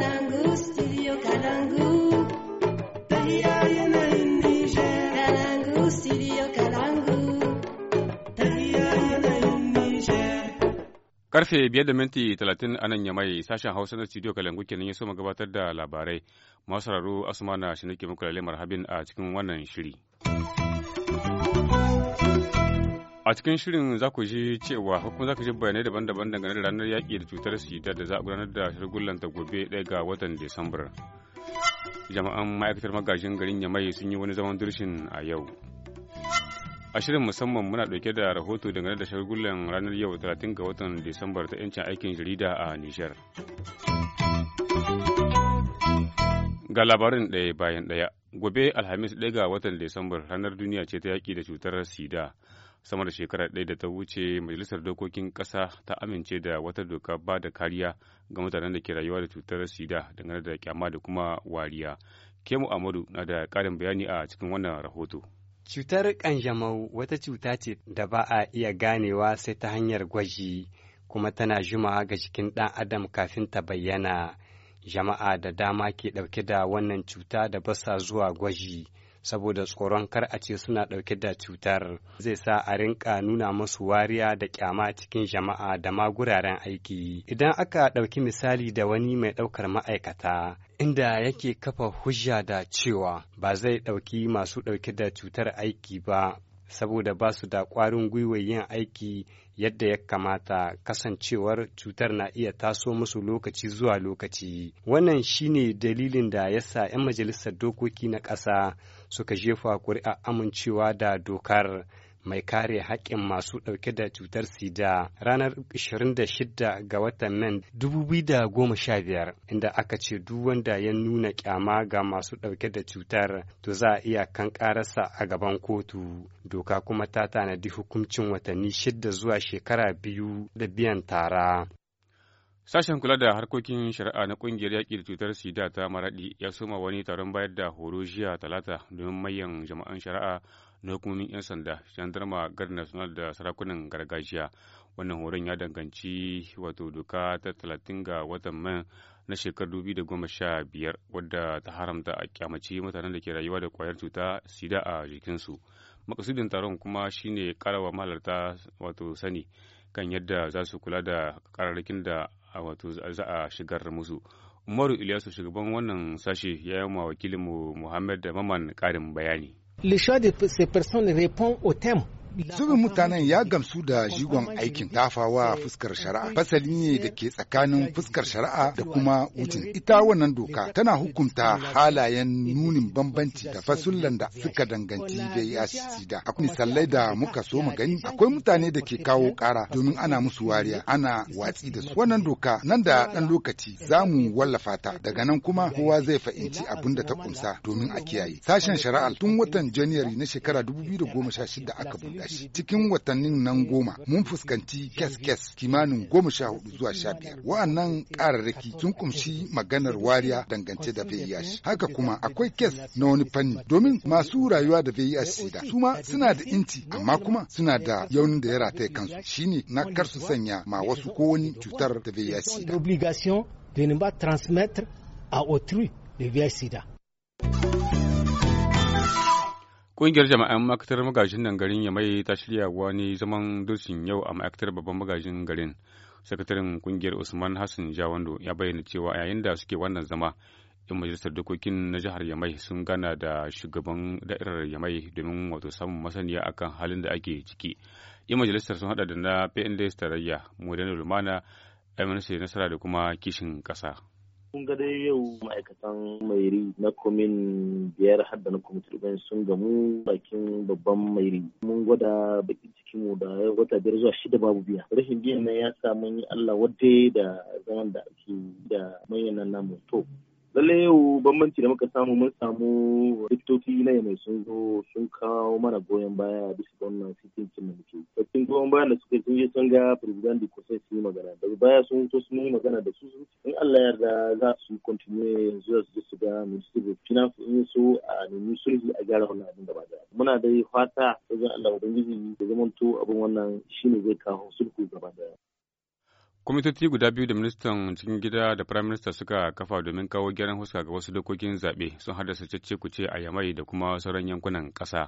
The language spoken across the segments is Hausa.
studio Karfe biyar da minti talatin a nan ya mai sashen Hausa na studio Kalangu kenan ya soma gabatar da labarai. Masu sauraro Asuma na shi muku lalle marhabin a cikin wannan shiri. a cikin shirin za ku ji cewa hukumar za ku ji bayanai daban-daban dangane ranar yaƙi da cutar sida da za a gudanar da shirgullanta gobe ɗaya ga watan disambar jama'an ma'aikatar magajin garin mai sun yi wani zaman dirshin a yau a shirin musamman muna ɗauke da rahoto dangane da shirgullan ranar yau 30 ga watan disambar ta 'yancin aikin jarida a nijar ga labarin ɗaya bayan ɗaya gobe alhamis ɗaya ga watan disambar ranar duniya ce ta yaƙi da cutar sida sama da shekarar ɗaya da ta wuce majalisar dokokin ƙasa ta amince da wata doka ba da kariya ga mutanen da ke rayuwa da cutar sida dangane da kyama da kuma wariya kemu amadu na da ƙarin bayani a cikin wannan rahoto cutar kanjamau wata cuta ce da ba a iya ganewa sai ta hanyar gwaji kuma tana jimawa ga jikin ɗan adam kafin ta bayyana jama'a da dama ke ɗauke da wannan cuta da basa zuwa gwaji saboda tsoron kar a ce suna ɗauke da cutar zai sa a rinka nuna masu wariya da kyama cikin jama'a da ma guraren aiki idan aka ɗauki misali da wani mai ɗaukar ma'aikata inda yake kafa hujja da cewa ba zai ɗauki masu ɗauke da cutar aiki ba saboda ba su da ƙwarin gwiwar yin aiki yadda ya kamata kasancewar cutar na iya taso musu lokaci zuwa lokaci wannan shine dalilin da yasa 'yan majalisar dokoki na ƙasa suka jefa kuri'a amincewa da dokar mai kare haƙƙin masu ɗauke da cutar sida ranar 26 ga watan nan 2015 inda aka ce duk wanda ya nuna ƙyama ga masu ɗauke da cutar to za a iya kan ƙararsa a gaban kotu doka kuma ta tanadi hukuncin watanni shidda zuwa shekara biyu da biyan tara Sashen kula da harkokin shari'a na ƙungiyar yaƙi da cutar sida ta maraɗi ya soma wani taron bayar da horo jiya talata domin mayan jama'an shari'a na hukumomin 'yan sanda, Darma, gar national da sarakunan gargajiya. Wannan horon ya danganci wato doka ta talatin ga watan man na shekarar dubi da goma sha biyar wadda ta haramta a kyamaci mutanen da ke rayuwa da kwayar cuta sida a jikinsu. Makasudin taron kuma shine karawa mahalarta wato sani kan yadda za su kula da kararrakin da wato za a shigar musu umaru ilyasu shugaban wannan sashe ya yi wa wakilinmu muhammad da maman karin bayani le choix de ces personnes répond au thème Zubin mutanen ya gamsu da jigon aikin dafawa fuskar shari'a. Fasali ne da ke tsakanin fuskar shari'a da kuma wucin. Ita wannan doka tana hukunta halayen nunin bambanci da fasullan da suka danganci da ya da. Akwai misalai da muka so mu gani. Akwai mutane da ke kawo kara domin ana musu wariya, ana watsi da su. Wannan doka nan da ɗan lokaci za mu wallafa ta. Daga nan kuma kowa zai fahimci abin da ta ƙumsa domin a kiyaye. Sashen shari'a tun watan Janairu na shekara 2016 aka buɗe. cikin watannin nan eh, goma mun fuskanci kes-kes kimanin goma sha hudu zuwa sha biyar wa'annan ƙararraki sun kumshi maganar wariya dangance da VIH e haka kuma akwai kes na wani fanni domin masu rayuwa da VIH e sida su ma suna da inci amma kuma suna da e yaunin da ya rataye kansu shine na kar su sanya ma wasu ko wani cutar da VIH sida. Obligation de ne transmettre à VIH sida. Ƙungiyar jama'an ma'aikatar magajin nan garin ya mai ta shirya wani zaman dursin yau a ma'aikatar babban magajin garin. Sakataren ƙungiyar Usman Hassan Jawando ya bayyana cewa yayin da suke wannan zama, 'yan majalisar dokokin na jihar Yamai sun gana da shugaban da'irar Yamai domin wato samun masaniya akan halin da ake ciki. 'Yan majalisar sun haɗa da na PNDS tarayya, Modena Lumana, MNC Nasara da kuma kishin ƙasa. kun ga dai yau ma'aikatan mairi na komin biyar har da na kwamitin sun gamu bakin babban mairi mun gwada bakin cikinmu mu da wata biyar zuwa shida babu biya rashin biyan nan ya sa mun yi allah wadda da zaman da ake da manyan namu to lalle yau bambanci da muka samu mun samu likitoci na yanayi sun zo sun kawo mana goyon baya a bisa wannan cikin cin da muke cikin goyon bayan da suka sun je sun ga president da kusa su yi magana daga baya sun so sun yi magana da su in Allah ya yarda za su continue yanzu su su ga ministry of finance in so a nemi sulhi a gyara wannan abin da ba da muna dai fata wajen Allah ubangiji da zamanto abin wannan shine zai kawo sulhu gaba daya Kwamitoci guda biyu da ministan cikin gida da prime minister suka kafa domin kawo gyaran huska ga wasu dokokin zaɓe sun haddasa cece kuce a yamai da kuma sauran yankunan ƙasa.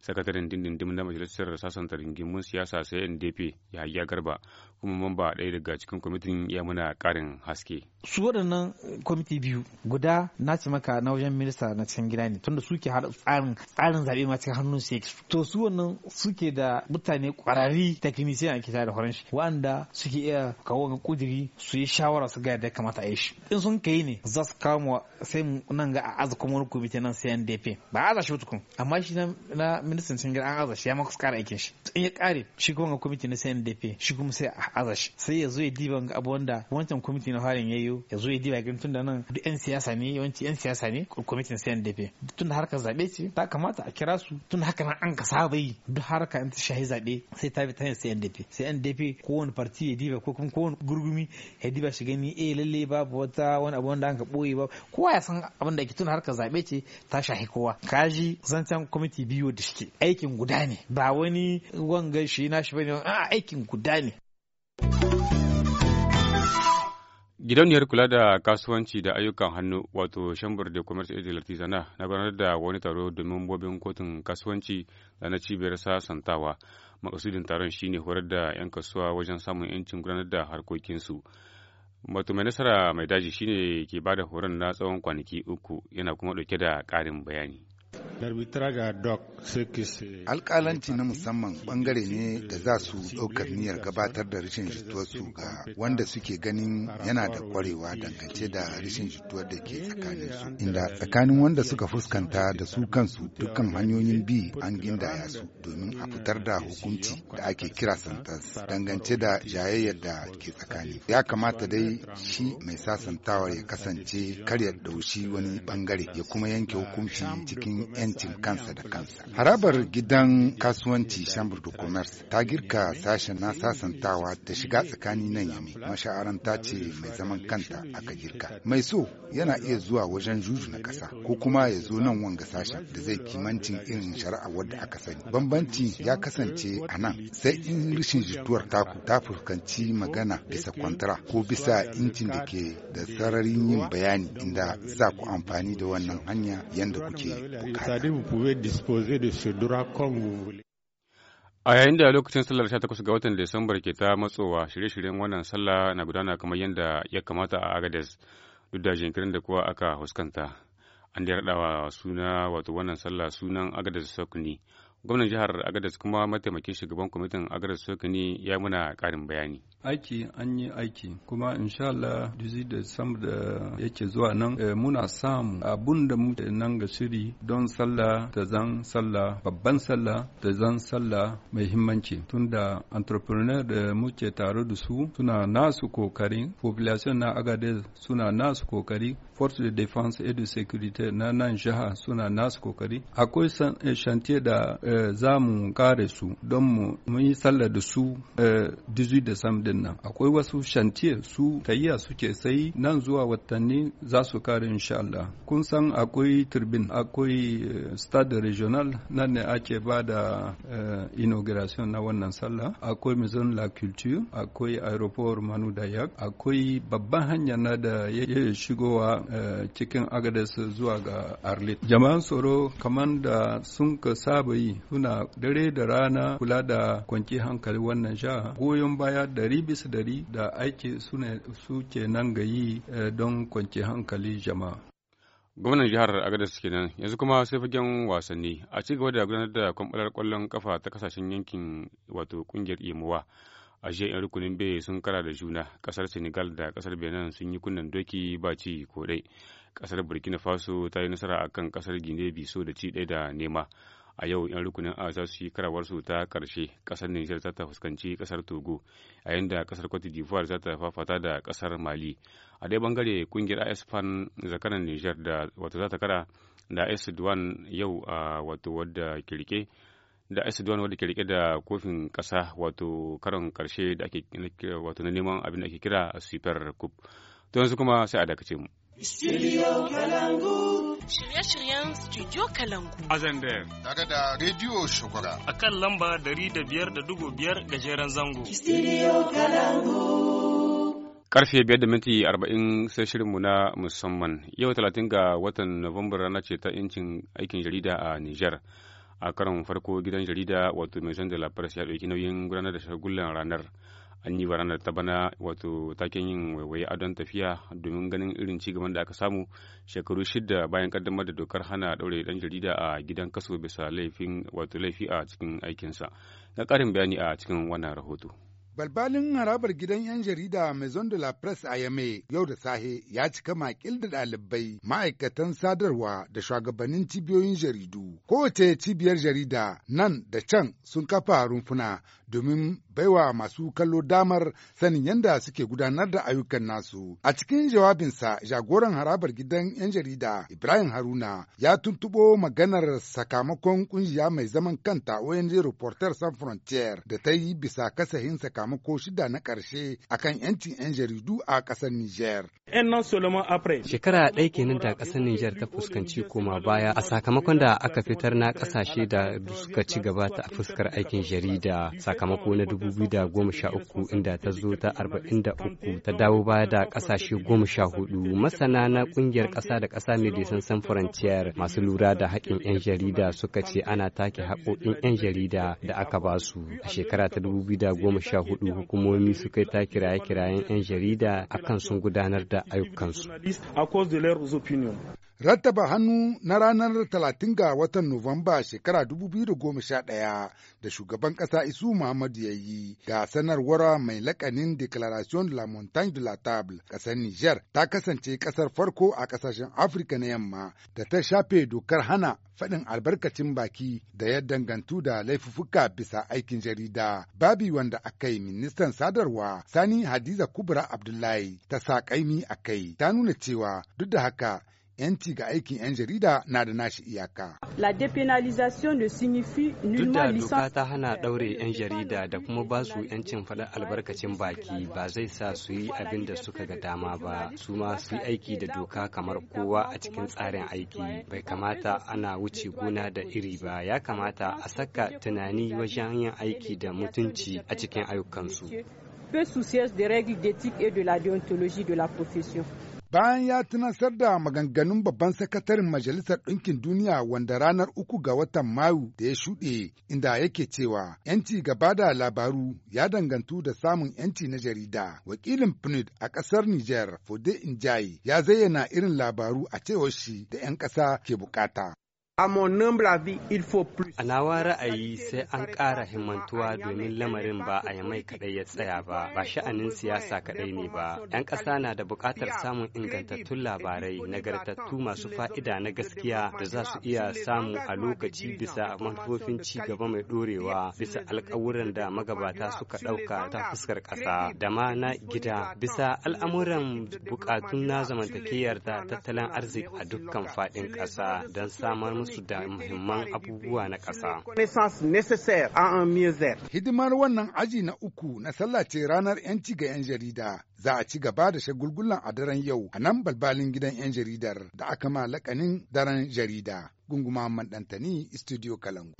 Sakataren dindindin na majalisar sassan rigimun siyasa sai NDP Yahaya Garba kuma mamba ɗaya daga cikin kwamitin ya muna ƙarin haske. Su waɗannan kwamiti biyu guda na ci maka na wajen minista na cikin gida ne tunda suke haɗa tsarin tsarin zaɓe ma cikin hannun su To su wannan suke da mutane ƙwararri teknisiyan ake tare da horon shi waɗanda suke iya ga kudiri su yi shawara su ga yadda kamata a yi shi in sun kai ne za su kawo sai nan ga a aza kuma wani komite nan sai NDP ba a zashi tukun amma shi na ministan cikin an azashi ya maka kara aikin shi in ya kare shi kuma ga na sai NDP shi kuma sai a azashi. sai ya zo ya diba ga abu wanda wancan na harin yi ya zo ya diba ga tun da nan duk yan siyasa ne yawanci yan siyasa ne kwamitin sai NDP tun da harkar zaɓe ce ta kamata a kira su tun haka nan an ka saba yi duk harka in ta shahi zabe sai ta bi ta sai NDP sai NDP kowane farti ya diba ko kuma wani gurgumi ya diba shi ni eh lalle babu wata wani abu wanda an ka boye ba kowa ya san abin da ake tuna harkar zaɓe ce ta shahi kowa kaji zancen kwamiti biyu da shike aikin guda ne ba wani wanga shi na shi bane a aikin guda ne Gidauniyar kula da kasuwanci da ayyukan hannu wato Chamber de Commerce et de l'Artisanat na gudanar da wani taro domin bobin kotun kasuwanci da na cibiyar sa santawa Makasudin taron shine horar da 'yan kasuwa wajen samun 'yancin gudanar da harkokinsu. Wato mai nasara mai daji shine ke bada horon na tsawon kwanaki uku yana kuma dauke da ƙarin bayani. Alƙalanci na musamman ɓangare ne da za su ɗaukar niyyar gabatar da rashin su ga wanda suke ganin yana da ƙwarewa dangance da rashin jituwar da ke tsakanin su. Inda tsakanin wanda suka fuskanta da su kansu dukkan hanyoyin bi an gindaya su domin a fitar da hukunci da ake kira santas dangance da jayayyar da ke tsakani. Ya kamata dai shi mai sasantawar ya kasance kar ya ɗaushi wani ɓangare ya kuma yanke hukunci cikin 'yancin kansa da kansa. Harabar gidan kasuwanci Chambre de Commerce ta girka sashen na sasantawa ta shiga tsakanin nan Masha'aran ta ce mai zaman kanta aka girka. Mai so yana iya zuwa wajen juju na ƙasa ko kuma ya zo nan wanga sashen da zai kimancin irin shari'a wadda aka sani. Bambanci ya kasance a nan sai in rashin jituwar taku ta fuskanci magana bisa kwantara ko bisa incin da ke da sararin yin bayani inda za ku amfani da wannan hanya yadda kuke C'est-à-dire vous pouvez disposer de ce droit comme vous voulez. A yayin da lokacin sallar 18 ga watan Desambar ke ta matsowa shirye-shiryen wannan sallah na gudana kamar yadda ya kamata a Agades duk da jinkirin da kuwa aka huskanta. An da raɗawa suna wato wannan sallah sunan Agades Sokuni. gwamnan jihar agadas kuma mataimakin shugaban kwamitin agadas sokani ya muna karin bayani aiki an yi aiki kuma inshallah dizi da sam da yake zuwa nan eh, muna samu abun da mu nan ga shiri don sallah da zan sallah babban sallah da zan sallah mai himmanci tunda entrepreneur da muke tare da su suna nasu kokari population na agadez suna nasu kokari force de defense et de sécurité na nan jiha suna nasu kokari akwai shantiye eh, da eh, Eh, za mu kare su don mu yi sallah da su 18 eh, sam din nan akwai wasu shantiye su tayya suke sai nan zuwa watanni za su kare insha Allah kun san akwai turbin akwai eh, stade regional nan ne ake ba da inauguration na wannan sallah akwai maison la culture akwai aeroport Manu Dayak akwai babban hanya na da ya shigowa cikin agadas zuwa ga Arlit jama'an tsoro kamar da sun ka saba yi suna dare da rana kula da kwanci hankali wannan sha goyon baya dari bisa dari da aiki suke nan ga yi eh, don kwanci hankali jama'a. Gwamnan jihar Agadez kenan yanzu kuma sai fagen wasanni a ci gaba da gudanar da kwamfalar kwallon kafa ta kasashen yankin wato kungiyar Imuwa. A jiya 'yan rukunin bai sun kara da juna kasar Senegal da kasar Benin sun yi kunnen doki ba ci ko dai. Kasar Burkina Faso ta yi nasara akan kasar Guinea Biso da ci ɗaya da nema. a yau 'yan rukunin a za su yi karawarsu ta karshe kasar nijar za ta fuskanci kasar togo a yadda kasar cote d'ivoire za ta fafata da kasar mali a dai bangare kungiyar as fan zakaran nijar da wato za ta kara da as duwan yau a wato wadda kirke da as duwan wadda kirke da kofin kasa wato karon karshe da ake wato na neman abin da ake kira super cup to yanzu kuma sai a dakace mu shirye-shiryen Studio Kalangu. A zande daga da Radio Shukura. A kan lamba dari da da biyar gajeren zango. Studio Kalangu. Karfe biyar da minti arba'in sai shirinmu na musamman. Yau talatin ga watan novembar rana ce ta incin aikin jarida a niger A karon farko gidan jarida wato mai zanda La ya ɗauki nauyin gudanar da shagullan ranar. an yi ranar ta bana wato taken yin waiwaye adon tafiya domin ganin irin ci gaban da aka samu shekaru shida bayan kaddamar da dokar hana ɗaure ɗan jarida a gidan kaso bisa laifin wato laifi a cikin aikinsa na karin bayani a cikin wannan rahoto. Balbalin harabar gidan 'yan jarida Maison de la Presse a Yame yau da sahe ya cika makil da ɗalibai, ma'aikatan sadarwa da shugabannin cibiyoyin jaridu. Kowace cibiyar jarida nan da can sun kafa rumfuna domin baiwa masu kallo damar sanin yadda suke gudanar da ayyukan nasu. A cikin jawabinsa jagoran harabar gidan 'yan jarida Ibrahim Haruna ya tuntubo maganar sakamakon kungiya mai zaman kanta ONG Reporter San Frontier da ta yi bisa kasahin sakamako shida na ƙarshe akan 'yancin 'yan jaridu a ƙasar Niger. Shekara ɗaya kenan da ƙasar Niger ta fuskanci koma baya a sakamakon da aka fitar na ƙasashe da suka ci gaba ta fuskar aikin jarida sakamako na dubu 2013 inda ta zo ta arba'in 43 ta dawo baya da ƙasashe 14 masana na ƙungiyar ƙasa da ƙasa Medecins san Frontier masu lura da haƙƙin 'yan jarida suka ce ana take haƙoƙin 'yan jarida da aka ba su a shekara ta 2014 hukumomi su kai ta kiraye-kirayen 'yan jarida akan sun gudanar da ayyukansu. rattaba hannu na ranar 30 ga watan Nuwamba shekara 2011 da shugaban ƙasa Isu Muhammadu ya yi da sanarwar mai lakanin Declaration de la Montagne de la Table ƙasar Niger ta kasance ƙasar farko a ƙasashen Afirka na yamma da ta shafe dokar hana faɗin albarkacin baki da ya dangantu da laifuffuka bisa aikin jarida babi wanda aka yi ministan sadarwa sani hadiza kubra abdullahi ta sa kaimi a kai ta nuna cewa duk da haka yanci ga aikin 'yan jarida na da nashi iyaka. La depenalizasion ne signifie nullement Duk da doka ta hana ɗaure 'yan jarida da kuma ba su 'yancin faɗar albarkacin baki ba zai sa su yi abin da suka ga dama ba su ma su yi aiki da doka kamar kowa a cikin tsarin aiki bai kamata ana wuce gona da iri ba ya kamata a saka tunani wajen yin aiki da mutunci a cikin ayyukansu. Peu soucieuse des règles d'éthique et de la déontologie de la profession. Bayan ya tunasar da maganganun babban sakataren Majalisar Ɗinkin Duniya wanda ranar uku ga watan Mayu da ya shuɗe inda yake cewa ‘yanci gaba da labaru ya dangantu da samun ‘yanci na jarida. Wakilin PNUD a ƙasar Niger, Fode injai ya zayyana irin labaru a cewar shi da ‘yan ƙasa ke bukata. A nawa ra'ayi sai an ƙara himmantuwa domin lamarin ba a mai kaɗai ya tsaya ba, ba sha'anin siyasa kaɗai ne ba. 'Yan ƙasa na da buƙatar samun ingantattun labarai, nagartattu masu fa'ida na gaskiya da za su iya samu a lokaci bisa manufofin ci gaba mai ɗorewa, bisa alƙawuran da magabata suka ɗauka ta fuskar ƙasa, da ma na gida, bisa al'amuran buƙatun na zamantakewar da tattalin arziki a dukkan faɗin ƙasa don samar su da muhimman abubuwa na ƙasa. Hidimar wannan aji na uku na ce ranar 'yanci ga 'yan jarida za a ci gaba da shagulgulan a daren yau a nan balbalin gidan 'yan jaridar da aka ma lakanin daren jarida. Gunguma Mandantani, Studio Kalangu.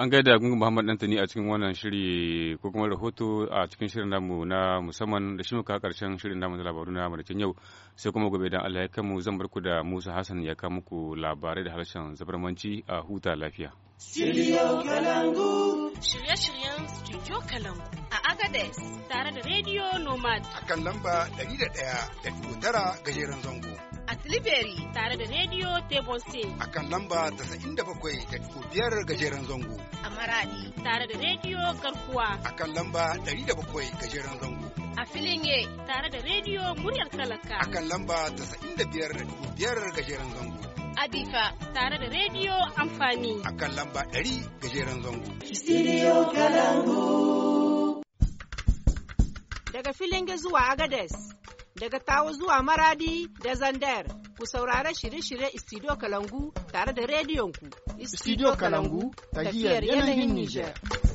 an gaida gungun muhammad dantani a cikin wannan shiri ko kuma rahoto a cikin shirin namu na musamman da shi muka karshen shirin namu na labaru na madakin yau sai kuma gobe dan allah ya kamu zan barku da musa hassan ya kawo muku labarai da harshen zabarmanci a huta lafiya studio kalangu shirye-shiryen studio kalangu a agades tare da radio nomad akan lamba 101.9 gajeren zango a Tilibiri tare da Radio Table State. A kan lamba bakwai da biyar gajeren zango. A Maradi tare da Radio Garkuwa. A kan lamba bakwai gajeren zango. A filin ye tare da Radio Muryar Talaka. A kan lamba biyar biyar gajeren zango. A bifa. tare da rediyo amfani. A kan lamba 100 gajeren zango. Studio Kalangu. Daga filin zuwa Agades. daga Tawo zuwa Maradi da Zandar. Ku saurara shirye-shirye Istidiyo Kalangu tare da rediyonku. Istidiyo Kalangu, tafiyar yanayin Nijar.